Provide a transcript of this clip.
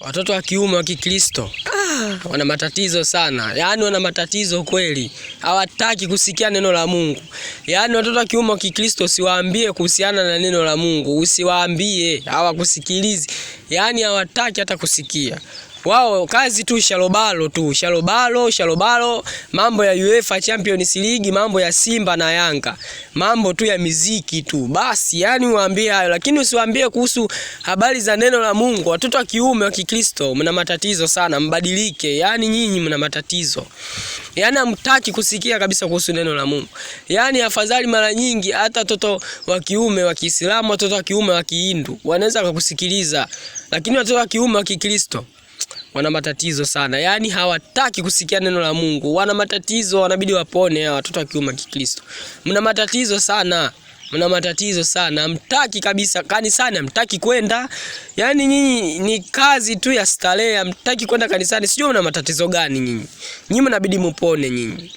Watoto wa kiume wa Kikristo ah, wana matatizo sana, yaani wana matatizo kweli, hawataki kusikia neno la Mungu. Yaani watoto wa kiume wa Kikristo usiwaambie kuhusiana na neno la Mungu, usiwaambie, hawakusikilizi, yaani hawataki hata kusikia wao kazi tu shalobalo tu shalobalo shalobalo, mambo ya UEFA Champions League, mambo ya Simba na Yanga, mambo tu ya miziki tu basi. Yani waambie hayo, lakini usiwaambie kuhusu habari za neno la Mungu. Watoto wa kiume wa Kikristo mna matatizo sana, mbadilike. Yani nyinyi mna matatizo, yani hamtaki kusikia kabisa kuhusu neno la Mungu. Yani afadhali mara nyingi hata watoto wa kiume wa Kiislamu, watoto wa kiume wa Kihindu wanaweza kukusikiliza, lakini watoto wa kiume wa Kikristo wana matatizo sana, yaani hawataki kusikia neno la Mungu, wana matatizo, wanabidi wapone. Hawa watoto wa kiume Kikristo, mna matatizo sana, mna matatizo sana, hamtaki kabisa kanisani, hamtaki kwenda. Yaani nyinyi ni kazi tu ya starehe, hamtaki kwenda kanisani. Sijui mna matatizo gani nyinyi, nyinyi mnabidi mupone nyinyi.